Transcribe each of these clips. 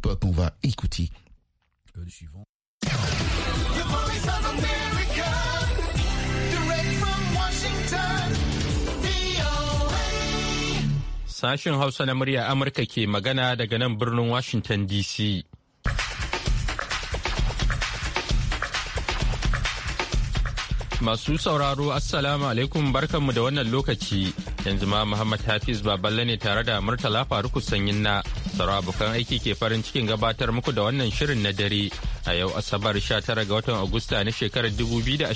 groupe qu'on va écouter. Le suivant. Sashen Hausa na murya Amurka ke magana daga nan birnin Washington DC. Masu sauraro Assalamu alaikum barkanmu da wannan lokaci yanzu ma Muhammad Hafiz Baballe ne tare da Murtala Faruku Sanyin na abokan aiki ke farin cikin gabatar muku da wannan shirin na dare a yau Asabar 19 ga watan Agusta na shekarar 2023.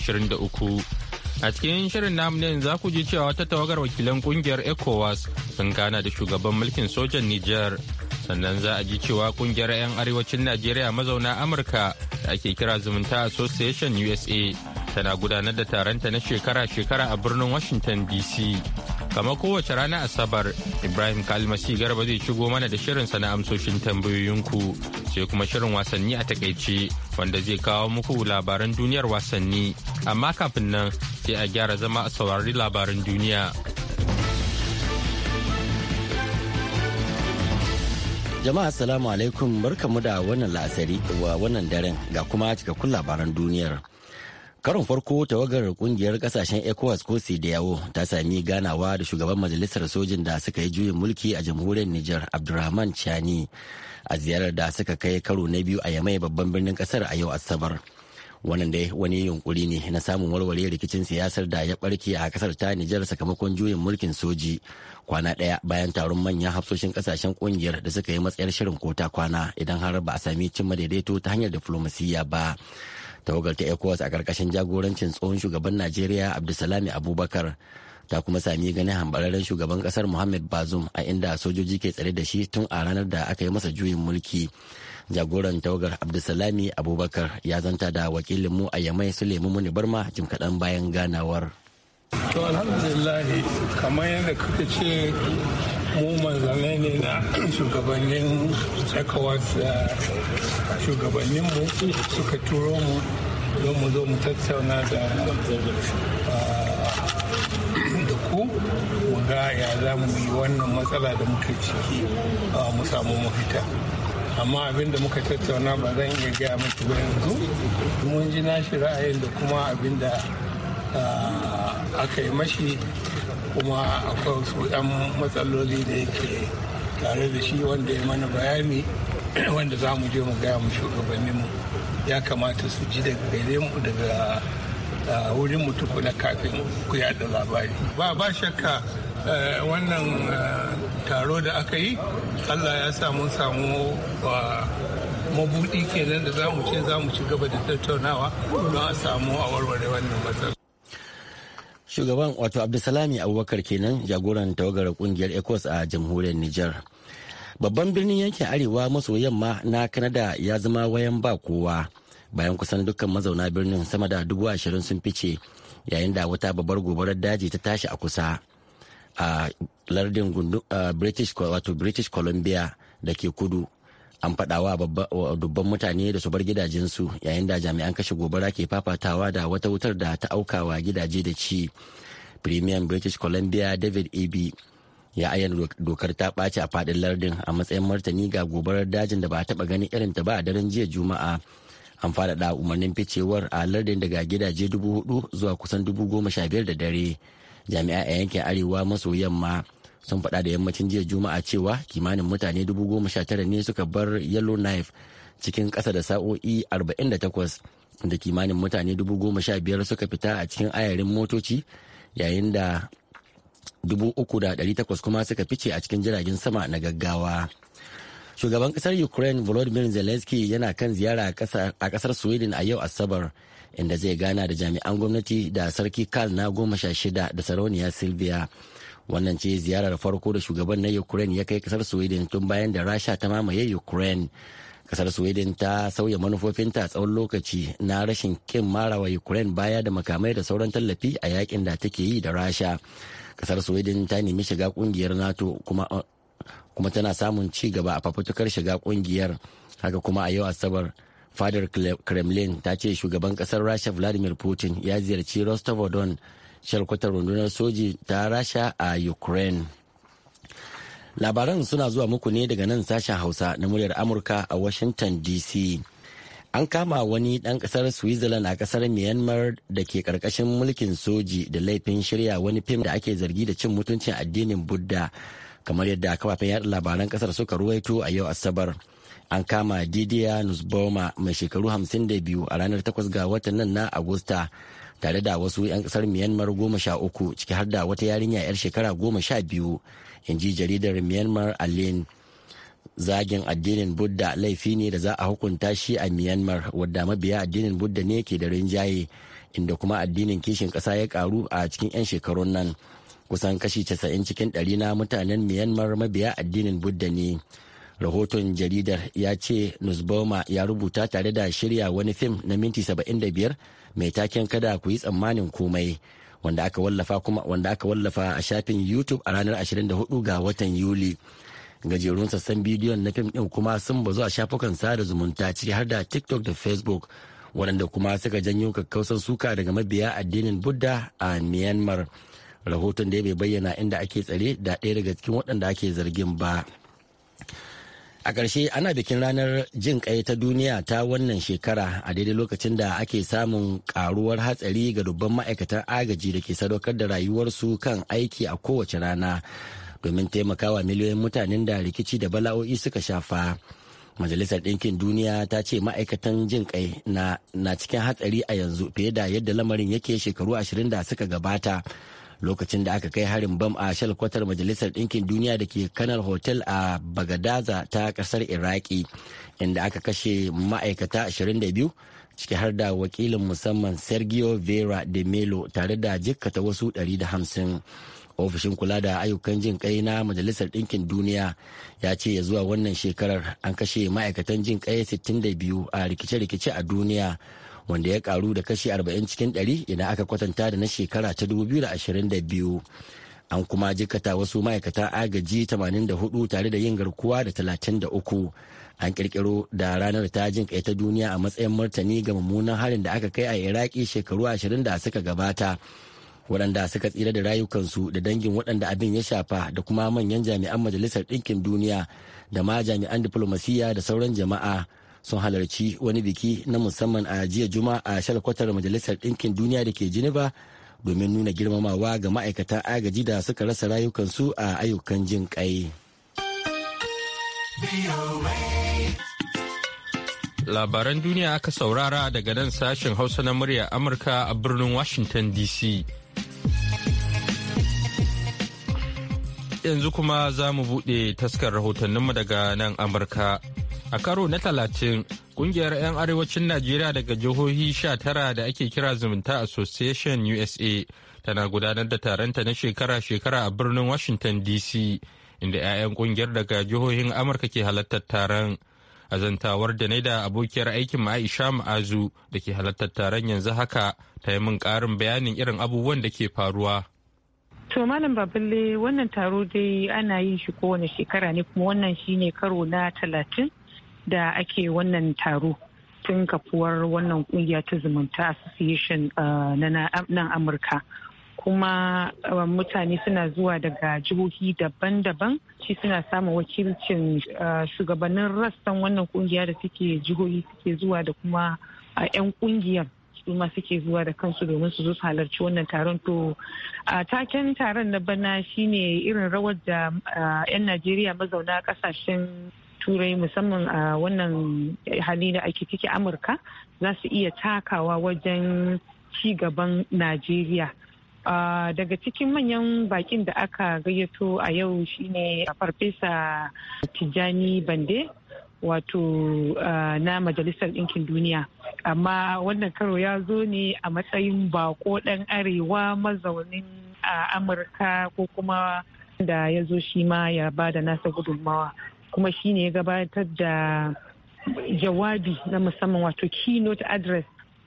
A cikin shirin namu ne za ku ji cewa wata tawagar wakilan kungiyar ECOWAS sun gana da shugaban mulkin sojan Nijar. Sannan za a ji cewa kungiyar 'yan arewacin Najeriya mazauna Amurka da ake kira zumunta Association USA tana gudanar da taronta na shekara-shekara a birnin Washington DC. Kamar kowace rana Asabar, Ibrahim Kalmasi Garba zai shigo mana da shirin na amsoshin tambayoyinku sai kuma shirin wasanni a takaice wanda zai kawo muku labaran duniyar wasanni. Amma kafin nan sai a gyara zama a saurari labaran duniya. Jama'a Assalamu alaikum barkamu da wannan la'asari wa wannan daren ga kuma cikakkun labaran duniyar. karon farko tawagar kungiyar kasashen ecowas ko CDAO ta sami ganawa da shugaban majalisar sojin da suka yi juyin mulki a jamhuriyar Nijar, abdulrahman chani a ziyarar da suka kai karo na biyu a yamai babban birnin kasar a yau asabar wannan dai wani yunkuri ne na samun warware rikicin siyasar da ya barke a kasar ta nijar sakamakon juyin mulkin soji kwana ɗaya bayan taron manyan hafsoshin kasashen kungiyar da suka yi matsayar shirin kota kwana idan har ba a sami cimma daidaito ta hanyar diflomasiyya ba tawagar ta ecowas a karkashin jagorancin tsohon shugaban najeriya abdulsalami abubakar ta kuma sami ganin hambararren shugaban ƙasar muhammad bazum a inda sojoji ke tsare da shi tun a ranar da aka yi masa juyin mulki jagoran tawagar abdulsalami abubakar ya zanta da wakilin mu a yamai sulemu muni barma jim kaɗan bayan ganawar to alhamdulillah kamar yadda kuka ce mu manzanai ne na shugabannin ecowas shugabanninmu suka turo mu don mu zo mu tattauna ah, da ku mu ga ya za mu yi wannan matsala da muke ciki ah, mu samu mafita amma abin da muka tattauna ba zan iya gaya miki ba yanzu mun ji nashi ra'ayin da kuma abin da ah, aka yi mashi kuma akwai wasu 'yan matsaloli da yake tare da shi wanda ya mana bayani wanda za mu je mu gaya mu mu ya kamata su ji daga gare mu daga wurin mu tukuna kafin ku yada labari ba ba shakka wannan taro da aka yi allah ya sa mun samu mabudi kenan da za mu ce za mu ci gaba da tattaunawa don a samu a warware wannan matsala Shugaban wato Abdulsalami Abubakar kenan jagoran tawagar kungiyar ecos a jamhuriyar Nijar. Babban birnin yankin Arewa maso yamma na Kanada ya zama wayan ba kowa. Bayan kusan dukkan mazauna birnin sama da dubu ashirin sun fice yayin da wata babbar gobarar daji ta tashi a kusa a lardin British wato British Columbia da ke kudu an faɗawa wa dubban mutane da su bar gidajensu yayin da jami'an kashe gobara ke fafatawa da wata wutar da ta auka wa gidaje da ci premium british columbia david ab ya ayyana dokar ta ɓaci a faɗin lardin a matsayin martani ga gobarar dajin da ba a taɓa ganin irin ta ba a daren jiya juma'a an faɗaɗa umarnin ficewar a lardin daga gidaje dubu hudu zuwa kusan dubu goma sha biyar da dare jami'a a yankin arewa maso yamma sun faɗa da yammacin jiya juma'a cewa kimanin mutane dubu goma sha tara ne suka bar yellowknife cikin ƙasa da sa'o'i 48 da kimanin mutane dubu goma sha biyar suka fita a cikin ayarin motoci yayin da dubu uku da ɗari takwas kuma suka fice a cikin jiragen sama na gaggawa. shugaban kasar ukraine volodymyr zelensky yana kan ziyara a kasar sweden a yau asabar inda zai gana da jami'an gwamnati da sarki karl na goma sha shida da sarauniya sylvia wannan ce ziyarar farko da shugaban na ukraine ya kai kasar sweden tun bayan da rasha ta mamaye ukraine kasar sweden ta sauya manufofinta tsawon lokaci na rashin kin marawa ukraine baya da makamai da sauran tallafi a yakin da take yi da rasha kasar sweden ta nemi shiga kungiyar nato kuma tana samun ci gaba a fafutukar shiga kungiyar haka kuma a yau asabar fadar kremlin ta ce shugaban kasar rasha vladimir putin ya ziyarci rostov-don shalkwatar rundunar soji ta rasha a ukraine labaran suna zuwa muku ne daga nan sashen hausa na muryar amurka a washington dc an kama wani ɗan ƙasar switzerland a ƙasar myanmar da ke karkashin mulkin soji da laifin shirya wani fim da ake zargi da cin mutuncin addinin buddha kamar yadda kafafen yada labaran ƙasar suka ruwaito a yau asabar an kama didiya nusboma mai shekaru 52 a ranar 8 ga watan nan na agusta tare da wasu 'yan kasar myanmar goma sha uku ciki har da wata yarinya 'yar shekara goma sha biyu in ji jaridar myanmar alin zagin addinin buddha laifi ne da za a hukunta shi a myanmar wadda mabiya addinin buddha ne ke da rinjaye inda kuma addinin kishin kasa ya karu a cikin 'yan shekarun nan kusan kashi 90 cikin ɗari na mutanen myanmar mabiya addinin buddha ne rahoton jaridar ya ce nusboma ya rubuta tare da shirya wani fim na minti 75 mai taken kada ku yi tsammanin komai wanda aka wallafa kuma wanda aka wallafa a shafin youtube a ranar 24 ga watan yuli gajerun sassan bidiyon na fim din kuma sun bazu a shafukan sada zumunta ciki har da tiktok da facebook waɗanda kuma suka janyo kakkausan suka daga mabiya addinin budda a myanmar rahoton da ya bai bayyana inda ake tsare da ɗaya daga cikin waɗanda ake zargin ba. A ƙarshe ana bikin ranar jin ƙai ta duniya ta wannan shekara a daidai lokacin da ake samun ƙaruwar hatsari ga dubban ma'aikatan agaji da ke sadaukar da rayuwarsu kan aiki a kowace rana domin taimakawa miliyoyin mutanen da rikici da bala'o'i suka shafa. Majalisar Ɗinkin Duniya ta ce ma'aikatan jin ƙai na, na cikin hatsari a yanzu fiye da yadda lamarin yake shekaru ashirin da suka gabata. lokacin da aka kai harin bam a shalkwatar majalisar ɗinkin duniya da ke kanar hotel a bagadaza ta ƙasar iraki inda aka kashe ma'aikata 22 ciki har da wakilin musamman sergio vera de melo tare da jikkata wasu 150 ofishin kula da ayyukan jin kai na majalisar ɗinkin duniya ya ce ya zuwa wannan shekarar an kashe ma'aikatan jin kai 62 a rikice-rikice a duniya wanda ya karu da kashi 40 cikin 100 idan aka kwatanta da na shekara ta 2022 an kuma jikata wasu ma'aikatan agaji 84 tare da yin garkuwa da 33 an kirkiro da ranar ta jin kai ta duniya a matsayin martani ga mummunan harin da aka kai a iraki shekaru 20 da suka gabata waɗanda suka tsira da rayukansu da dangin waɗanda abin ya shafa da kuma manyan jami'an majalisar ɗinkin duniya da ma jami'an diflomasiyya da sauran jama'a sun halarci wani biki na musamman a jiya juma a shalkwatar majalisar ɗinkin duniya da ke geneva domin nuna girmamawa ga ma'aikata agaji da suka rasa rayukansu a ayyukan jin ƙai. Labaran duniya aka saurara daga nan sashen Hausa na murya Amurka a birnin Washington DC. Yanzu kuma za mu buɗe taskar rahotanninmu daga nan Amurka. a karo na talatin kungiyar 'yan arewacin najeriya daga jihohi sha tara da ake kira zumunta association usa tana gudanar da taronta na shekara-shekara a birnin washington dc inda 'ya'yan kungiyar daga jihohin amurka ke halartar taron a zantawar da da abokiyar aikin aisha ma'azu da ke halartar taron yanzu haka ta yi min karin bayanin irin abubuwan da ke faruwa to malam baballe wannan taro dai ana yin shi kowane shekara ne kuma wannan shine karo na talatin da ake wannan taro tun kafuwar wannan kungiya ta zumunta association uh, na nan amurka kuma uh, mutane suna zuwa daga jihohi daban-daban shi suna samun wakilcin uh, shugabannin rassan wannan kungiya da suke jihohi suke zuwa da kuma 'yan kungiyar su ma suke zuwa da kansu domin su zo su halarci wannan taron to a taken taron na bana shine irin rawar da 'yan najeriya mazauna kasashen turai musamman a wannan hali da ake ciki amurka za su iya takawa wajen ci gaban najeriya daga cikin manyan bakin da aka gayyato a yau shine farfesa tijjani bande wato na majalisar ɗinkin duniya amma wannan karo ya zo ne a matsayin bako ɗan arewa mazaunin a amurka ko kuma da ya zo shi ma ya ba da nasa gudunmawa kuma shi ne ya gabatar da jawabi na musamman wato keynote address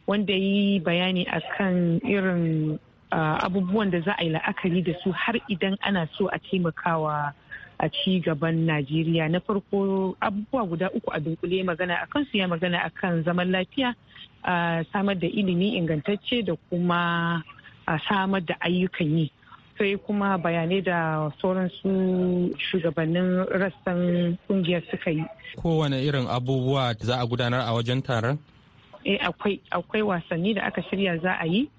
wanda yi bayani akan irin abubuwan da za a yi la'akari da su har idan ana so a taimakawa a ci gaban Najeriya na farko abubuwa guda uku a dunkule magana a kansu ya magana a kan zaman lafiya samar da ilimi ingantacce da kuma samar da ayyukan yi sai kuma bayanai da sauransu shugabannin rassan kungiyar suka yi kowane irin abubuwa za a gudanar a wajen taron eh akwai akwai wasanni da aka shirya za a yi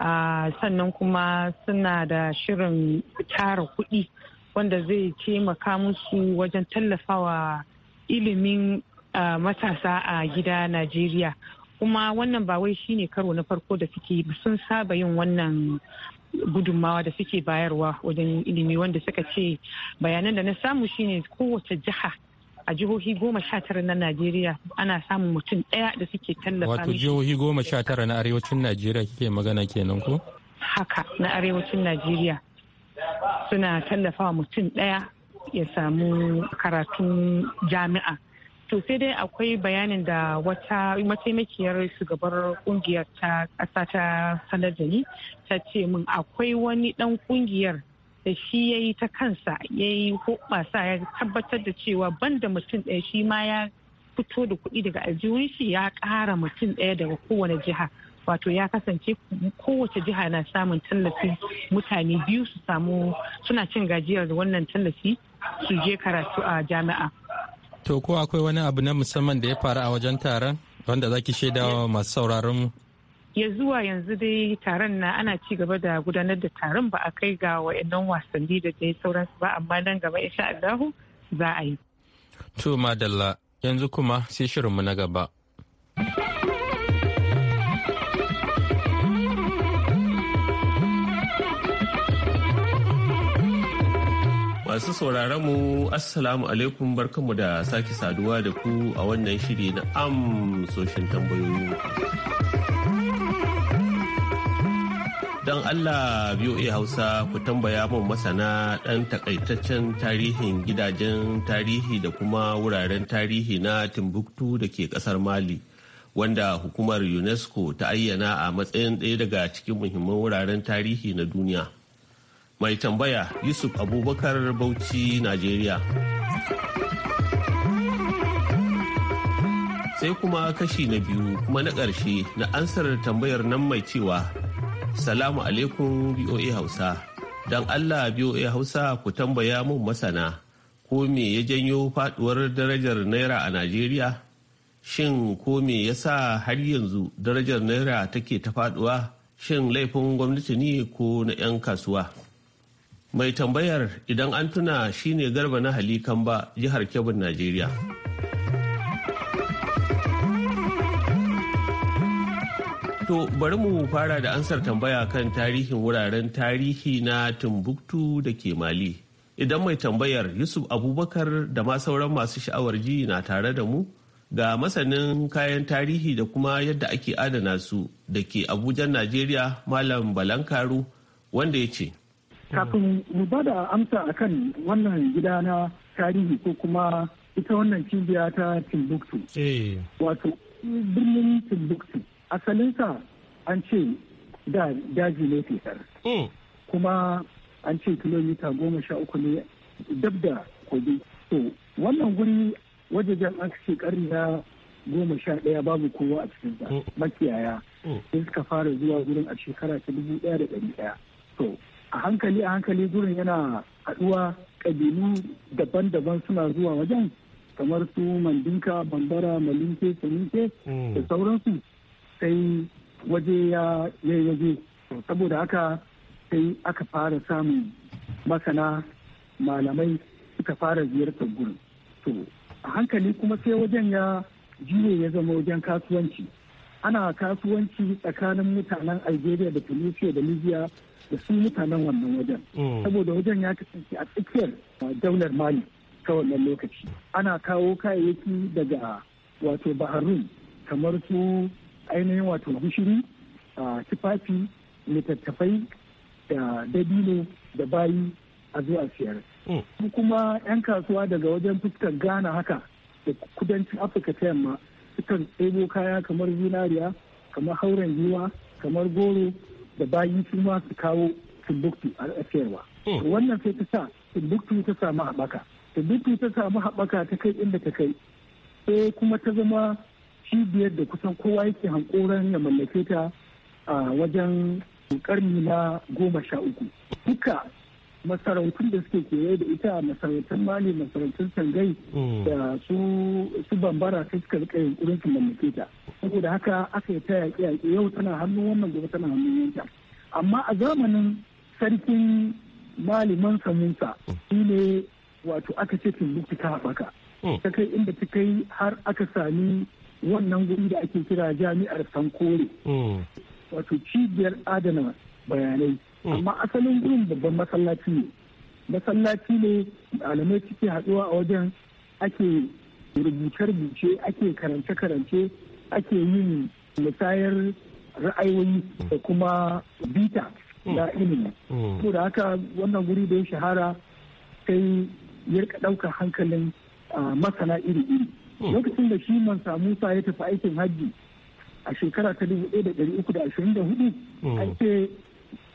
ah, sannan kuma suna da shirin tara kuɗi wanda zai taimaka musu wajen tallafawa ilimin ah, matasa a gida najeriya kuma wannan ba wai shine karo na farko da suke sun saba yin wannan gudunmawa da suke bayarwa wajen ilimi wanda suka ce bayanan da na samu shine kowace jiha a jihohi goma sha tara na Najeriya ana samun mutum ɗaya da suke tallafa. Wato jihohi goma sha tara na arewacin Najeriya kike magana kenan ko? Haka na arewacin Najeriya suna tallafawa mutum ɗaya ya samu karatun jami'a. to sai dai akwai bayanin da wata mataimakiyar shugabar kungiyar ta ƙasa ta sanar da ni ta ce min akwai wani dan kungiyar da shi ya yi ta kansa ya yi hoɓasa ya tabbatar da cewa banda mutum ɗaya shi ma ya fito da kuɗi daga aljihun shi ya ƙara mutum ɗaya daga kowane jiha wato ya kasance kowace jiha na samun tallafi mutane biyu su samu suna cin gajiyar da wannan tallafi su je karatu a jami'a To ko akwai wani abu na musamman da ya faru a wajen taron wanda zaki shaidawa masu sauraron mu? Ya zuwa yanzu dai taron na ana ci gaba da gudanar da taron ba a kai ga wayannan wasanni da dai sauransu ba amma nan gaba insha Allah za a yi. To madalla yanzu kuma sai shirinmu na gaba. Masu sauraron mu Assalamu alaikum barkanmu da sake saduwa da ku a wannan shiri na amsoshin tambayoyi. Don Allah VOA Hausa ku tambaya mun masana ɗan takaitaccen tarihin gidajen tarihi da kuma wuraren tarihi na Timbuktu da ke ƙasar Mali. Wanda hukumar UNESCO ta ayyana a matsayin ɗaya daga cikin muhimman wuraren tarihi na duniya. mai tambaya yusuf abubakar bauchi najeriya sai kuma kashi na biyu kuma na ƙarshe na ansar tambayar nan mai cewa salamu alaikum boa hausa don allah boa hausa ku tambaya mun masana ko me ya janyo faduwar darajar naira a najeriya shin ko me ya sa har yanzu darajar naira take ta faduwa shin laifin gwamnati ne ko na 'yan kasuwa mai tambayar idan an tuna shine garba na halikan ba jihar kebin najeriya to bari mu fara da ansar tambaya kan tarihin wuraren tarihi na timbuktu da ke mali idan mai tambayar yusuf abubakar da ma sauran masu sha'awar ji na tare da mu ga masanin kayan tarihi da kuma yadda ake adana su da ke abujan najeriya malam balankaru wanda ya ce kafin mu bada amsa a kan wannan gida na tarihi ko kuma ita wannan cibiya ta timbuktu eh. wato birnin timbuktu asalinsa an ce da daji ne fitar. Hmm. kuma an ce kilomita goma sha uku ne dab da kogi to wannan guri wajajen an ce karni na goma sha ɗaya babu kowa a cikin hmm. makiyaya hmm. sai suka fara zuwa wurin a shekara ta dubu ɗaya da ɗari ɗaya to a hankali a hankali gurin yana haɗuwa ƙabilu daban-daban suna zuwa wajen kamar su mandinka bambara malinke saninke hmm. da sauransu sai waje ya yaje saboda haka sai aka fara samun masana malamai suka fara ziyartar gurin to a hankali kuma sai wajen ya jure ya zama wajen kasuwanci ana kasuwanci tsakanin mutanen algeria da tunisia da libya da su mutanen wannan wajen oh. saboda wajen ya kasance a tsakiyar uh, daular mali ta wannan lokaci ana kawo kayayyaki daga wato baharun kamar su ainihin wato gishiri uh, tufafi littattafai da dabino da bayi a zuwa siyar oh. kuma 'yan kasuwa daga wajen fuskar ghana haka da kudancin afirka ta yamma sukan tsebo kaya kamar zinariya kamar hauren giwa kamar goro da bayi su ma su kawo timbuktu a tsayarwa hmm. wannan sai ta sa timbuktu ta samu haɓaka timbuktu ta samu haɓaka ta kai inda ta kai sai kuma ta zama cibiyar da kusan kowa yake hankoran ya mallake ta a wajen karni na goma sha uku duka masarautun da suke kewaye da ita masarautun mali masarautun sangai hmm. da su bambara sai suka rika yunkurin su mamake ta saboda haka aka yi ta yaƙe yaƙe yau tana hannu wannan gobe tana hannun yanta amma a zamanin sarkin maliman samunsa shi ne wato aka ce timbuktu ta haɓaka hmm. ta kai inda ta kai har aka sami wannan guri da ake kira jami'ar sankore hmm. wato cibiyar adana bayanai Hmm. amma asalin gurin babban masallaci ne masallaci ne malamai suke haɗuwa a wajen ake rubuce-rubuce ake karance-karance ake yin musayar ra'ayoyi da kuma bita hmm. na ilimi ko hmm. da haka wannan guri da ya shahara sai ya rika ɗaukar hankalin masana iri-iri lokacin da shi mansa musa ya tafi aikin hajji a shekara ta 1324 an ce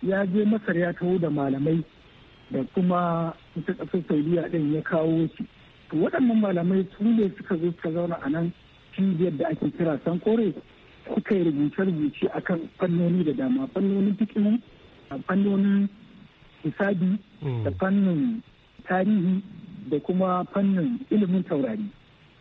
ya je masar ya taho da malamai da kuma ita ƙasar saudiya ɗin ya kawo su to waɗannan malamai su ne suka zo suka zauna a nan cibiyar da ake kira sankore suka yi rubuce-rubuce kan fannoni da dama fannonin fikihu fannonin hisabi da hmm. fannin tarihi da kuma fannin ilimin taurari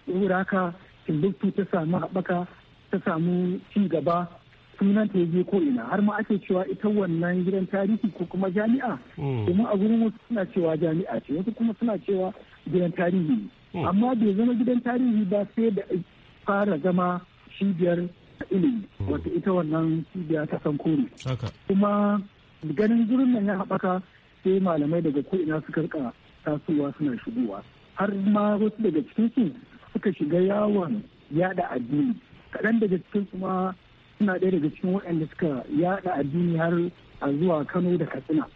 saboda haka timbuktu ta samu haɓaka ta samu ci gaba sunan ya je ko ina har ma ake cewa ita wannan gidan tarihi ko kuma jami'a domin hmm. a gurin wasu suna cewa jami'a ce wasu kuma suna cewa gidan tarihi hmm. amma bai zama gidan tarihi ba sai da fara zama cibiyar ilimi hmm. wata ita wannan cibiya ta san sankore kuma ganin gurin nan ya haɓaka sai malamai daga ko ina suka rika tasowa suna shigowa har ma wasu daga cikin su suka shiga yawon yada addini kaɗan daga cikin su suna ɗaya daga cikin waɗanda suka yada addini har a zuwa kano da katsina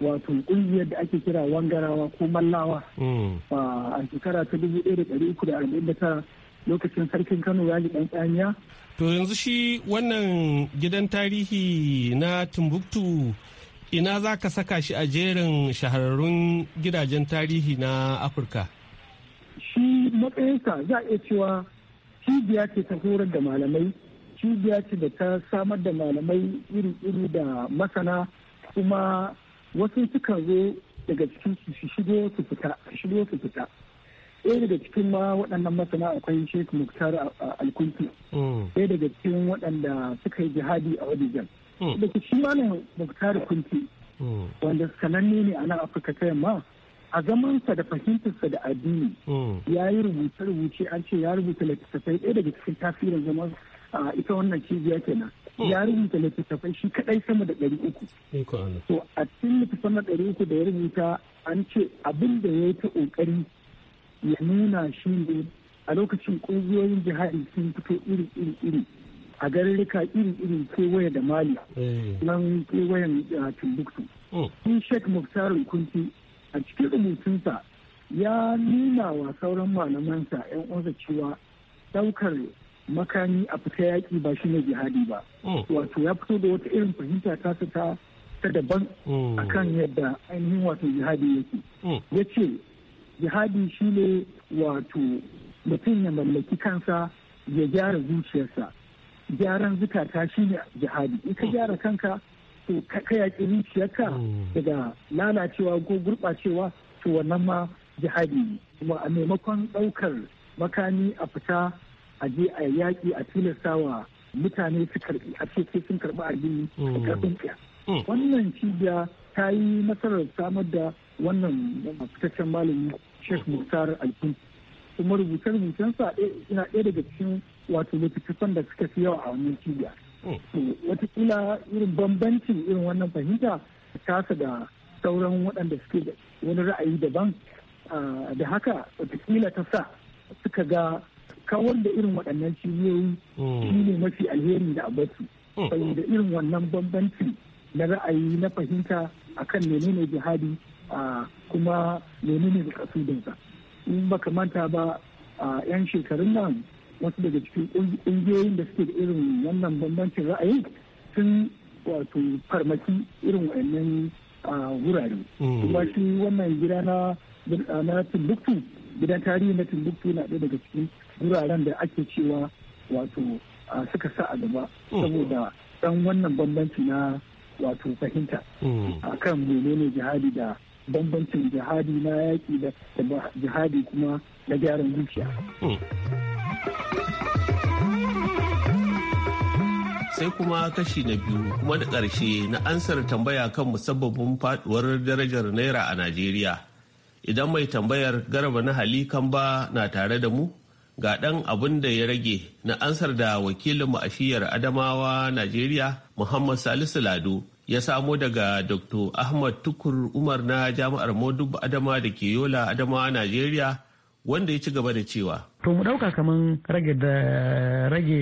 wato ƙungiyar da ake kira wangarawa ko mallawa mm. a shekara ta dubu ɗaya da ɗari uku da arba'in da tara lokacin sarkin kano ya ji ɗan tsamiya. to yanzu shi wannan gidan tarihi na timbuktu ina za ka saka shi a jerin shahararrun gidajen tarihi na afirka shi matsayinsa za a iya cewa cibiya ce ta horar da malamai cibiya ce da ta samar da malamai iri-iri da masana kuma wasu suka zo daga cikin su shigo su fita shigo su fita ɗaya daga cikin ma waɗannan masana akwai shek muktar alkunti mm. ɗaya daga cikin waɗanda suka yi jihadi a wadijan mm. da ku shi malam muktar kunti mm. wanda sananne ne a nan afirka ta yamma a zamansa da fahimtarsa da addini ya yi rubuce-rubuce an ce ya rubuta littattafai ɗaya daga cikin tasirin zaman ita wannan cibiya kenan hmm. ya rubuta littattafai shi kadai sama da ɗari uku. To a cikin littattafan da ɗari uku da ya rubuta an ce abin da ya yi ta ƙoƙari ya nuna shi ne a lokacin ƙungiyoyin jihadi sun fito iri iri iri a garurruka iri iri kewaye da mali eh. nan kewayen timbuktu. Hmm. Sun shek muftarin kunti a cikin rubutunsa ya nuna wa sauran malamansa 'yan uwansa cewa ɗaukar makami a fita yaƙi ba shi ne jihadi ba oh. wato ya fito da wata irin fahimta ta ta ta daban oh. A kan yadda ainihin wato jihadi yake oh. ya ce jihadi shi ne wato mutum ya mallaki kansa ya gyara zuciyarsa gyaran zukata ne jihadi in ka gyara kanka to ka yaƙi zuciyarka daga lalacewa ko gurɓacewa to wannan ma jihadi ne kuma a maimakon ɗaukar makami a fita a je a yaƙi a tilasta wa mutane su karɓi a ce sun karɓi addini a karɓin mm. mm. Wannan cibiya ta yi nasarar samar da wannan fitaccen malami Sheikh Muktar Alkun. Kuma rubuce sa ina ɗaya daga cikin wato littattafan da suka fi yawa a wannan cibiya. Mm. Watakila irin bambancin irin wannan fahimta tasa da sauran waɗanda suke da wani ra'ayi daban ah, da haka watakila ta sa suka ga kawar da irin waɗannan cibiyoyi hmm. shi ne mafi alheri da abatu hmm. da irin wannan bambanci na ra'ayi na fahimta akan menene jihadi kuma menene da kasudinsa in baka manta ba a 'yan shekarun nan wasu daga cikin ƙungiyoyin da suke da irin wannan bambancin ra'ayi sun wato farmaki irin wa'annan wurare hmm. kuma shi wannan gida na na Timbuktu gidan tarihi na Timbuktu na ɗaya daga cikin wuraren da ake cewa wato suka sa a gaba hmm. saboda dan wannan bambanci na wato fahimta hmm. kan menene jihadi da bambancin jihadi na yaƙi da jihadi kuma na gyaran zuciya. Hmm. sai kuma kashi na biyu kuma da ƙarshe na ansar tambaya kan musabbabin faduwar darajar naira a najeriya idan mai tambayar garba na hali ba na tare da mu ga ɗan abin da ya rage na ansar da wakilin a adamawa najeriya muhammad salisu lado ya samo daga dr ahmad tukur umar na jami'ar modubu adama da ke yola adamawa najeriya wanda ya ci gaba da cewa to mu ɗauka kaman rage da rage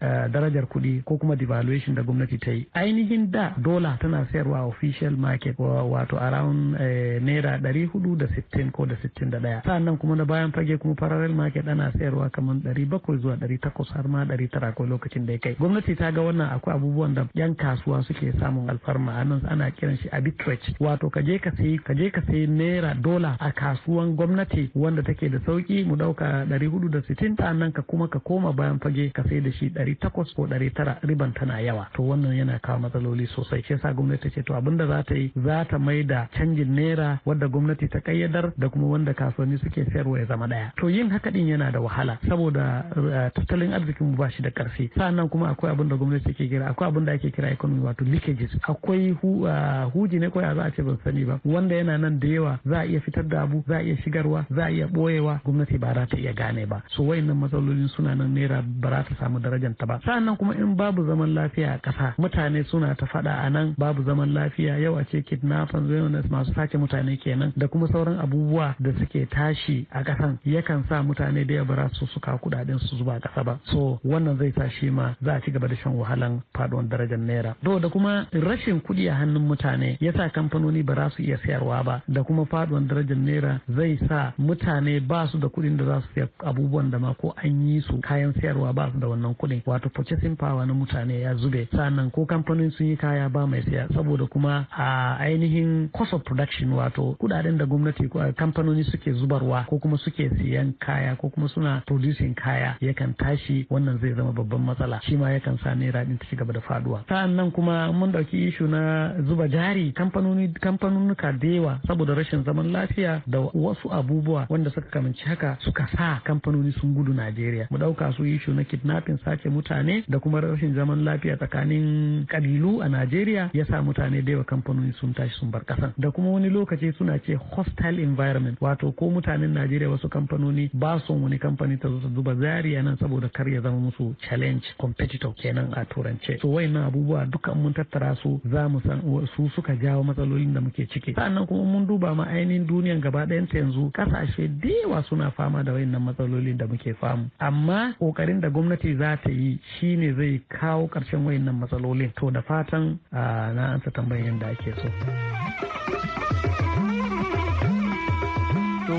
eh, darajar kuɗi ko kuma devaluation da gwamnati ta yi ainihin da dola tana sayarwa official market wato around eh, naira dari hudu da sittin ko da sittin da ɗaya sannan kuma na bayan fage kuma parallel market ana sayarwa kaman dari bakwai zuwa dari takwas har ma ɗari tara ko lokacin da ya kai gwamnati ta ga wannan akwai abubuwan da yan kasuwa suke samun alfarma anan ana kiran shi arbitrage wato ka je ka sayi ka ka sayi naira dola a kasuwan gwamnati wanda take da sauki mu ɗauka dari hudu da ta nan ka kuma ka koma bayan fage ka sai da shi ɗari takwas ko ɗari tara riban tana yawa to wannan yana kawo matsaloli sosai shi yasa gwamnati ce to abinda za ta yi za ta mai da canjin naira wadda gwamnati ta kayyadar da kuma wanda kasuwanni suke sayarwa ya zama ɗaya to yin haka din yana da wahala saboda eh, tattalin arzikin mu ba shi da karfi sannan kuma akwai abin da gwamnati ke kira akwai abin da ake kira economy wato leakages akwai eh, huji ne ko ya za a ce ban sani ba wanda yana nan da yawa za a iya fitar da abu za a iya shigarwa za a iya boyewa gwamnati ba za ta iya gane ba ba su wayannan matsalolin suna nan naira ba ta samu darajar ta ba sa'annan kuma in babu zaman lafiya a ƙasa mutane suna ta faɗa a nan babu zaman lafiya yawa ce kidnappers wayannan masu sace mutane kenan da kuma sauran abubuwa da suke tashi a ƙasan yakan sa mutane da yawa ba su suka kuɗaɗen su zuba ƙasa ba so wannan zai sa shi ma za a ci gaba da shan wahalan faɗuwar darajar naira do da kuma rashin kuɗi a hannun mutane yasa kamfanoni ba za su iya sayarwa ba da kuma faɗuwar darajar naira zai sa mutane ba su da kuɗin da za su sayar abu abubuwan da ma ko an yi su kayan sayarwa ba su da wannan kuɗin wato purchasing power na mutane ya zube sannan ko kamfanin sun yi kaya ba mai saya saboda kuma a ainihin cost of production wato kuɗaɗen da gwamnati ko kamfanoni suke zubarwa ko kuma suke siyan kaya ko kuma suna producing kaya yakan tashi wannan zai zama babban matsala shi ma yakan sa naira din ta gaba da faduwa sannan kuma mun dauki ishu na zuba jari kamfanoni kamfanonuka da yawa saboda rashin zaman lafiya da wasu abubuwa wanda suka kamanci haka suka sa kamfanoni kamfanoni sun gudu Najeriya mu dauka su yi na kidnapping sace mutane da kuma rashin zaman lafiya tsakanin kabilu a Najeriya ya sa mutane da yawa kamfanoni sun tashi sun bar kasan da kuma wani lokaci suna ce hostile environment wato ko mutanen Najeriya wasu kamfanoni ba son wani kamfani ta zuba zuba zari a nan saboda kar ya zama musu challenge competitor kenan a turance so wayannan abubuwa duka mun tattara su za mu san su suka jawo matsalolin da muke ciki sannan kuma mun duba ma ainihin duniyan gaba ɗayan ta yanzu kasashe da yawa suna fama da wayannan matsaloli matsalolin da muke samu amma kokarin da gwamnati za ta yi shine zai kawo ƙarshen wayannan matsalolin to da fatan na ansa tambayoyin da ake so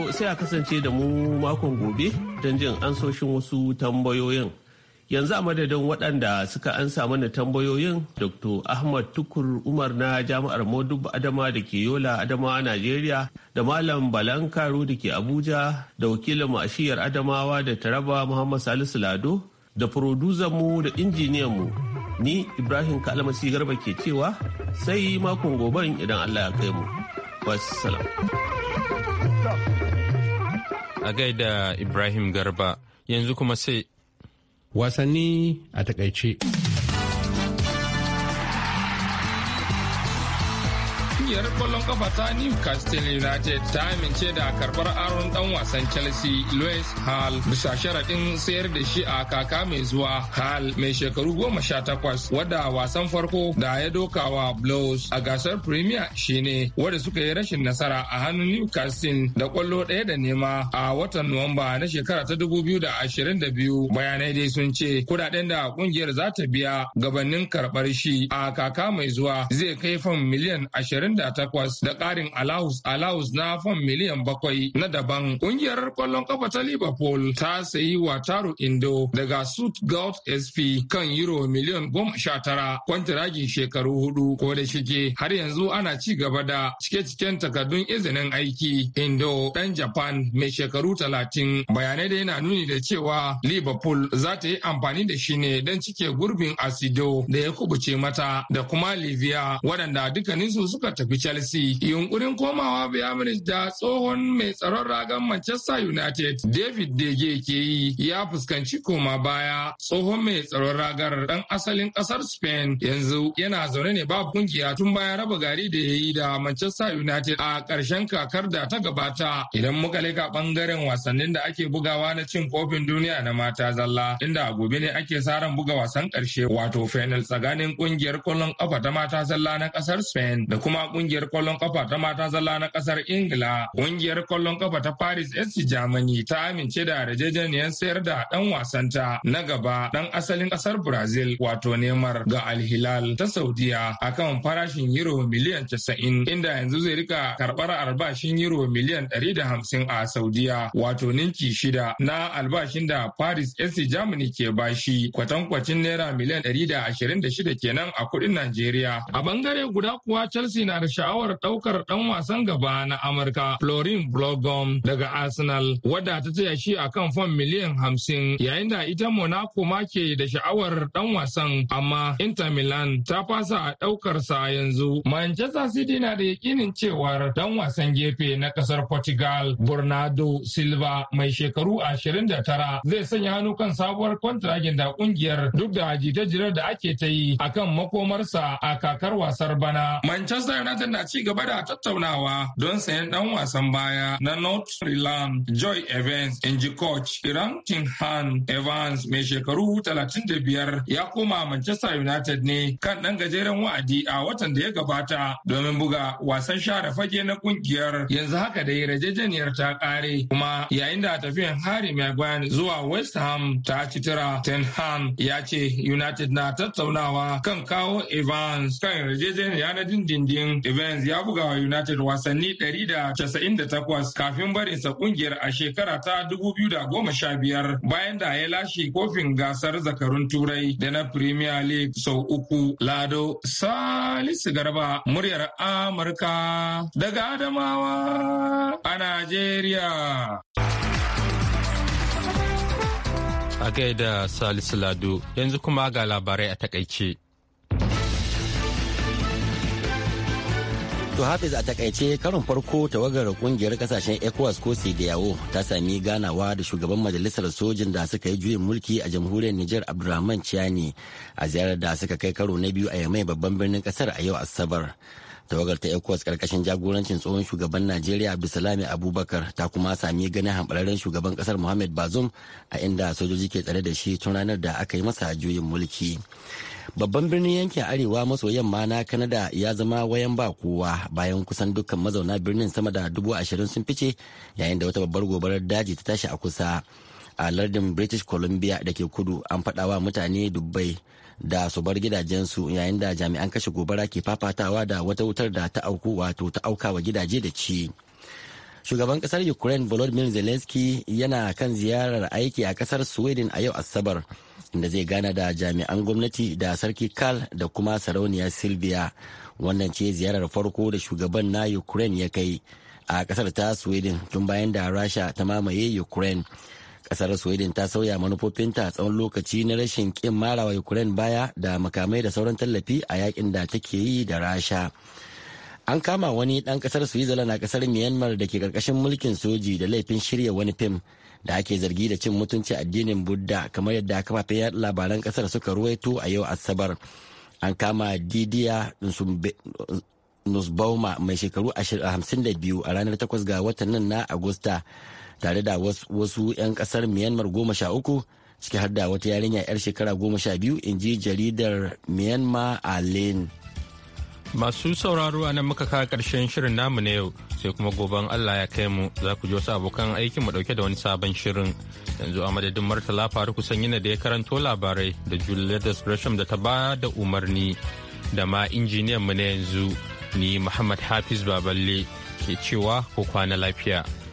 to sai a kasance da mu makon gobe don jin ansoshin wasu tambayoyin yanzu a madadin waɗanda suka ansa mana tambayoyin dr ahmad tukur umar na jami'ar modub adama da ke yola adama najeriya da malam balan karu da ke abuja da wakilin ashiyar adamawa da taraba muhammad salisu lado da mu da mu ni ibrahim kalmasi garba ke cewa sai makon goban idan allah ya kai mu wassalam a gaida ibrahim garba yanzu kuma sai wasanni a takaice. kungiyar kwallon kafa ta Newcastle United ta amince da karbar aron dan wasan Chelsea Lewis Hall bisa sharaɗin sayar da shi a kaka mai zuwa Hall mai shekaru goma sha takwas wadda wasan farko da ya dokawa Blues a gasar Premier shine wadda suka yi rashin nasara a hannun Newcastle da kwallo ɗaya da nema a watan Nuwamba na shekara ta dubu bayanai dai sun ce kudaden da kungiyar za ta biya gabanin karbar shi a kaka mai zuwa zai kai fam miliyan ashirin takwas da ƙarin alaus alawus na fam miliyan bakwai na daban. Ƙungiyar kwallon ƙafa ta Liverpool ta sayi wa taro Indo daga Stuttgart SP kan euro miliyan tara. kwantiragin shekaru hudu ko da shige har yanzu ana ci gaba da cike-ciken takardun izinin aiki Indo dan Japan mai shekaru talatin bayanai da yana nuni da cewa Liverpool za ta yi amfani da shi ne don cike gurbin Asido da ya kubuce mata da kuma Livia waɗanda dukkaninsu suka tafi tafi Chelsea. Yunkurin komawa Bayern da tsohon mai tsaron ragan Manchester United David de Gea ke yi ya fuskanci koma baya tsohon mai tsaron ragar dan asalin kasar Spain yanzu yana zaune ne ba kungiya tun bayan raba gari da ya yi da Manchester United a ƙarshen kakar da ta gabata idan muka leka bangaren wasannin da ake bugawa na cin kofin duniya na mata zalla inda gobe ne ake sa buga wasan ƙarshe wato final tsakanin kungiyar kwallon kafa ta mata zalla na kasar Spain da kuma kungiyar kwallon kafa ta mata zalla na kasar ingila kungiyar kwallon kafa ta paris sc germany ta amince da yarjejeniyar sayar da dan wasanta na gaba dan asalin kasar brazil wato neymar ga alhilal ta saudiya akan farashin euro miliyan 90 inda yanzu zai rika karbar albashin euro miliyan 150 a saudiya wato ninki shida na albashin da paris sc germany ke bashi kwatankwacin naira miliyan 126 kenan a kudin najeriya a bangare guda kuwa chelsea na da nuna sha'awar ɗaukar ɗan wasan gaba na Amurka Florin Blogom daga Arsenal wadda ta taya shi a kan fam miliyan hamsin yayin da ita Monaco ma ke da sha'awar ɗan wasan amma Inter Milan ta fasa a ɗaukar sa yanzu. Manchester City na da yakinin cewar ɗan wasan gefe na ƙasar Portugal Bernardo Silva mai shekaru 29 zai sanya hannu kan sabuwar kwantiragin da ƙungiyar duk da jita-jirar da ake ta yi a kan makomarsa a kakar wasar bana. Manchester United fatan na ci gaba da tattaunawa don sayan dan wasan baya na North Carolina Joy Evans in ji coach Iran Tinhan Evans mai shekaru 35 ya koma Manchester United ne kan dan gajeren wa'adi a watan da ya gabata domin buga wasan share fage na kungiyar yanzu haka da yarjejeniyar ta kare kuma yayin da tafiyan Harry Maguire zuwa West Ham ta ci tara Ten ya ce United na tattaunawa kan kawo Evans kan yarjejeniyar na dindindin Evans ya buga wa United wasanni 198 kafin barinsa kungiyar a shekara ta 2015 bayan da ya lashe kofin gasar zakarun turai da na Premier League sau uku. Lado Salisu Garba muryar Amurka daga Adamawa a Najeriya. A gaida Salisu Lado yanzu kuma ga labarai a takaice. To Hafiz a takaice karin farko tawagar kungiyar kasashen ECOWAS ko yawo ta sami ganawa da shugaban majalisar sojin da suka yi juyin mulki a jamhuriyar Nijar Abdulrahman Chiani a ziyarar da suka kai karo na biyu a Yamai babban birnin kasar a yau Asabar. tawagar ta ecowas karkashin jagorancin tsohon shugaban najeriya abdulsalami abubakar ta kuma sami ganin hambararren shugaban kasar muhammad bazum a inda sojoji ke tsare da shi tun ranar da aka yi masa juyin mulki babban birnin yankin arewa maso yamma na kanada ya zama wayan ba kowa bayan kusan dukkan mazauna birnin sama da dubu ashirin sun fice yayin da wata babbar gobarar daji ta tashi a kusa a lardin british columbia da ke kudu an faɗawa mutane dubbai da su bar gidajensu yayin da jami'an kashe gobara ke fafatawa da wata wutar da ta auku wato ta auka wa gidaje da ci Shugaban kasar Ukraine Volodymyr Zelensky yana kan ziyarar aiki a kasar Sweden a yau Asabar inda zai gana da jami'an gwamnati da sarki Karl da kuma sarauniya silvia Wannan ce ziyarar farko da shugaban na Ukraine ya kai a kasar ta Sweden tun bayan da Rasha ta mamaye Ukraine. kasar sweden ta sauya manufofinta tsawon lokaci na rashin kin marawa ukraine baya da makamai da sauran tallafi a yakin da take yi da rasha an kama wani ɗan ƙasar switzerland a ƙasar myanmar da ke ƙarƙashin mulkin soji da laifin shirya wani fim da ake zargi da cin mutunci addinin budda kamar yadda kafafen yaɗa labaran ƙasar suka ruwaito a yau asabar an kama didiya nusbauma mai shekaru 52 a ranar 8 ga watan nan na agusta tare da wasu 'yan ƙasar myanmar goma sha uku ciki har da wata yarinya 'yar shekara goma sha biyu in ji jaridar myanmar alene Masu sauraro a nan muka kawo ƙarshen shirin namu na yau sai kuma goben Allah ya kai mu za ku ji wasu abokan aikin mu dauke da wani sabon shirin. Yanzu a madadin Murtala kusan yana da ya karanto labarai da Julius Gresham da ta ba da umarni da ma injiniyan mu na yanzu ni Muhammad Hafiz Baballe ke cewa ko kwana lafiya.